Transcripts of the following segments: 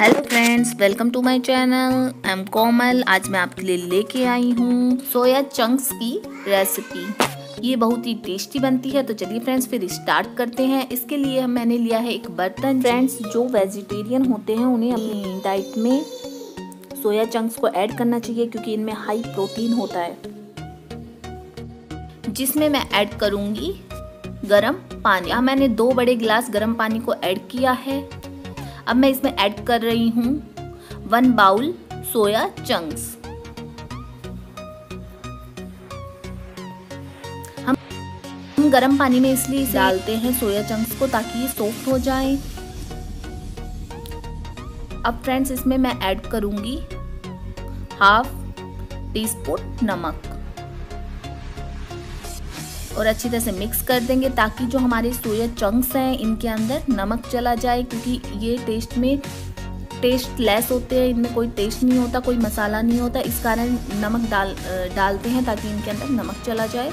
hello friends welcome to my channel I am Komal आज मैं आपके लिए लेके आई हूँ सोया चंक्स की रेसिपी ये बहुत ही टेस्टी बनती है तो चलिए फ्रेंड्स फिर स्टार्ट करते हैं इसके लिए हम मैंने लिया है एक बर्तन फ्रेंड्स जो वेजिटेरियन होते हैं उन्हें अपनी डाइट में सोया चंक्स को ऐड करना चाहिए क्योंकि इनमें हाई प्रोटीन होता है जिसमें मैं ऐड करूँगी गर्म पानी यहाँ मैंने दो बड़े गिलास गर्म पानी को ऐड किया है अब मैं इसमें ऐड कर रही हूँ वन बाउल सोया चंक्स हम गर्म पानी में इसलिए डालते हैं सोया चंक्स को ताकि ये सॉफ्ट हो जाए अब फ्रेंड्स इसमें मैं ऐड करूंगी हाफ टी स्पून नमक और अच्छी तरह से मिक्स कर देंगे ताकि जो हमारे सोया चंक्स हैं इनके अंदर नमक चला जाए क्योंकि ये टेस्ट में टेस्ट लेस होते हैं इनमें कोई टेस्ट नहीं होता कोई मसाला नहीं होता इस कारण नमक डाल डालते हैं ताकि इनके अंदर नमक चला जाए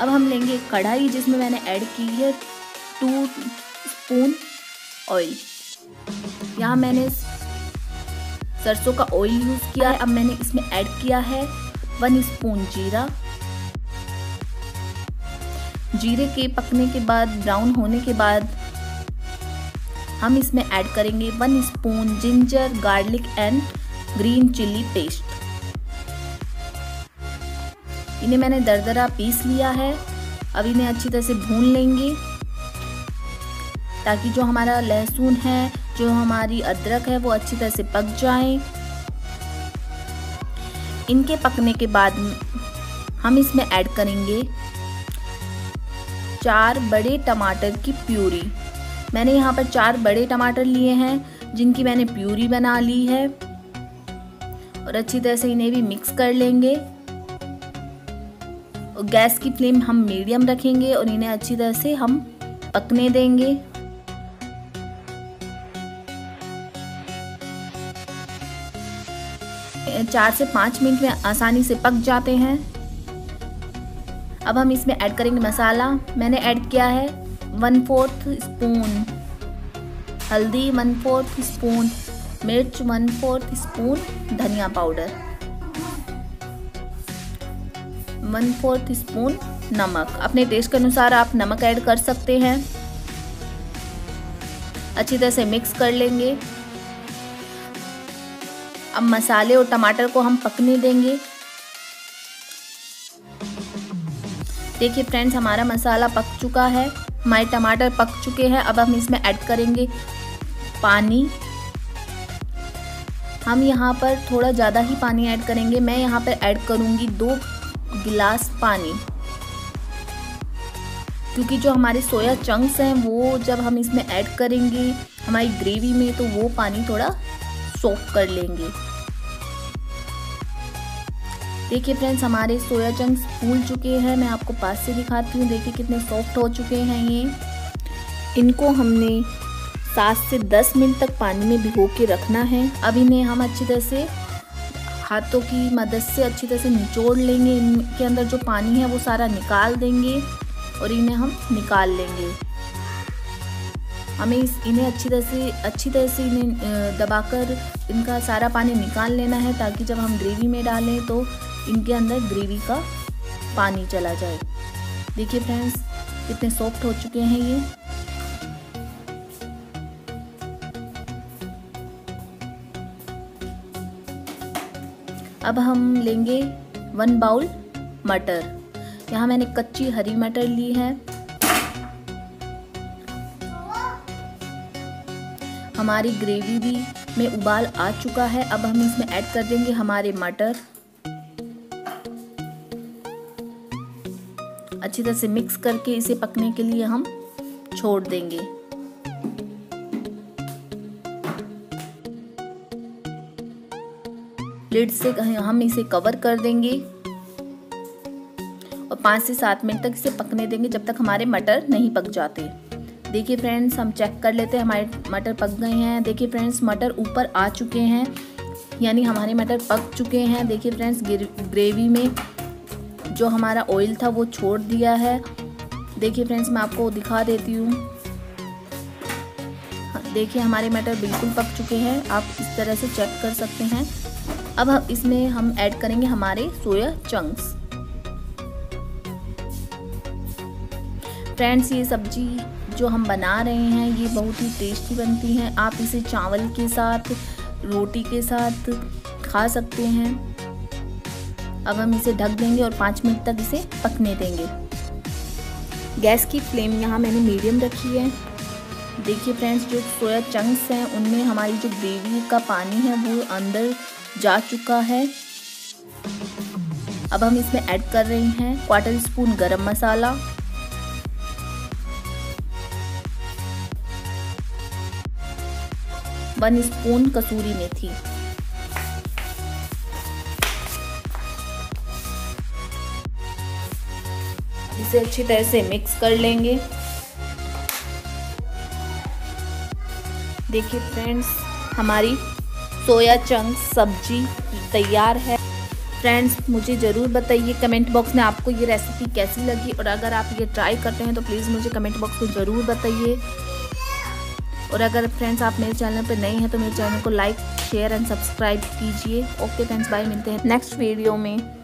अब हम लेंगे कढ़ाई जिसमें मैंने ऐड की है टू स्पून ऑयल यहाँ मैंने सरसों का ऑयल यूज़ किया है अब मैंने इसमें ऐड किया है वन स्पून जीरा जीरे के पकने के बाद ब्राउन होने के बाद हम इसमें ऐड करेंगे one spoon ginger garlic and green chilli paste इन्हें मैंने दरदरा पीस लिया है अब इन्हें अच्छी तरह से भून लेंगे ताकि जो हमारा लहसुन है जो हमारी अदरक है वो अच्छी तरह से पक जाए इनके पकने के बाद हम इसमें ऐड करेंगे चार बड़े टमाटर की प्यूरी मैंने यहाँ पर चार बड़े टमाटर लिए हैं जिनकी मैंने प्यूरी बना ली है और अच्छी तरह से इन्हें भी मिक्स कर लेंगे और गैस की फ्लेम हम मीडियम रखेंगे और इन्हें अच्छी तरह से हम पकने देंगे चार से पाँच मिनट में आसानी से पक जाते हैं अब हम इसमें ऐड करेंगे मसाला मैंने ऐड किया है वन फोर्थ स्पून हल्दी वन फोर्थ स्पून मिर्च वन फोर्थ स्पून धनिया पाउडर वन फोर्थ स्पून नमक अपने टेस्ट के अनुसार आप नमक ऐड कर सकते हैं अच्छी तरह से मिक्स कर लेंगे अब मसाले और टमाटर को हम पकने देंगे देखिए फ्रेंड्स हमारा मसाला पक चुका है हमारे टमाटर पक चुके हैं अब हम इसमें ऐड करेंगे पानी हम यहाँ पर थोड़ा ज़्यादा ही पानी ऐड करेंगे मैं यहाँ पर ऐड करूँगी दो गिलास पानी क्योंकि जो हमारे सोया चंक्स हैं वो जब हम इसमें ऐड करेंगे हमारी ग्रेवी में तो वो पानी थोड़ा सोख कर लेंगे देखिए फ्रेंड्स हमारे सोया चंक्स फूल चुके हैं मैं आपको पास से दिखाती हूँ देखिए कितने सॉफ्ट हो चुके हैं ये इनको हमने सात से दस मिनट तक पानी में भिगो के रखना है अब इन्हें हम अच्छी तरह से हाथों की मदद से अच्छी तरह से निचोड़ लेंगे इनके अंदर जो पानी है वो सारा निकाल देंगे और इन्हें हम निकाल लेंगे हमें इस इन्हें अच्छी तरह से अच्छी तरह से इन्हें दबाकर इनका सारा पानी निकाल लेना है ताकि जब हम ग्रेवी में डालें तो इनके अंदर ग्रेवी का पानी चला जाए देखिए फ्रेंड्स कितने सॉफ्ट हो चुके हैं ये अब हम लेंगे वन बाउल मटर यहाँ मैंने कच्ची हरी मटर ली है हमारी ग्रेवी भी में उबाल आ चुका है अब हम इसमें ऐड कर देंगे हमारे मटर अच्छी तरह से मिक्स करके इसे पकने के लिए हम छोड़ देंगे लिड से हम इसे कवर कर देंगे और पाँच से सात मिनट तक इसे पकने देंगे जब तक हमारे मटर नहीं पक जाते देखिए फ्रेंड्स हम चेक कर लेते हैं हमारे मटर पक गए हैं देखिए फ्रेंड्स मटर ऊपर आ चुके हैं यानी हमारे मटर पक चुके हैं देखिए फ्रेंड्स ग्रेवी में जो हमारा ऑयल था वो छोड़ दिया है देखिए फ्रेंड्स मैं आपको दिखा देती हूँ हाँ, देखिए हमारे मटर बिल्कुल पक चुके हैं आप इस तरह से चेक कर सकते हैं अब हम इसमें हम ऐड करेंगे हमारे सोया चंक्स फ्रेंड्स ये सब्जी जो हम बना रहे हैं ये बहुत ही टेस्टी बनती है आप इसे चावल के साथ रोटी के साथ खा सकते हैं अब हम इसे ढक देंगे और पाँच मिनट तक इसे पकने देंगे गैस की फ्लेम यहाँ मैंने मीडियम रखी है देखिए फ्रेंड्स जो सोया चंक्स हैं उनमें हमारी जो ग्रेवी का पानी है वो अंदर जा चुका है अब हम इसमें ऐड कर रहे हैं क्वार्टर स्पून गरम मसाला वन स्पून कसूरी मेथी इसे अच्छी तरह से मिक्स कर लेंगे देखिए फ्रेंड्स हमारी सोया चंक सब्जी तैयार है फ्रेंड्स मुझे ज़रूर बताइए कमेंट बॉक्स में आपको ये रेसिपी कैसी लगी और अगर आप ये ट्राई करते हैं तो प्लीज़ मुझे कमेंट बॉक्स में ज़रूर बताइए और अगर फ्रेंड्स आप मेरे चैनल पर नए हैं तो मेरे चैनल को लाइक शेयर एंड सब्सक्राइब कीजिए ओके फ्रेंड्स बाय मिलते हैं नेक्स्ट वीडियो में